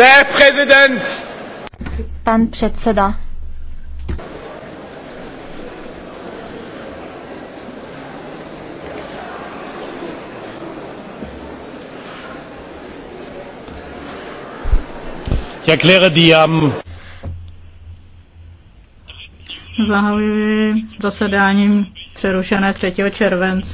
Der Präsident! Pan předseda. erkläre die am Zahajuji zasedáním přerušené 3. července.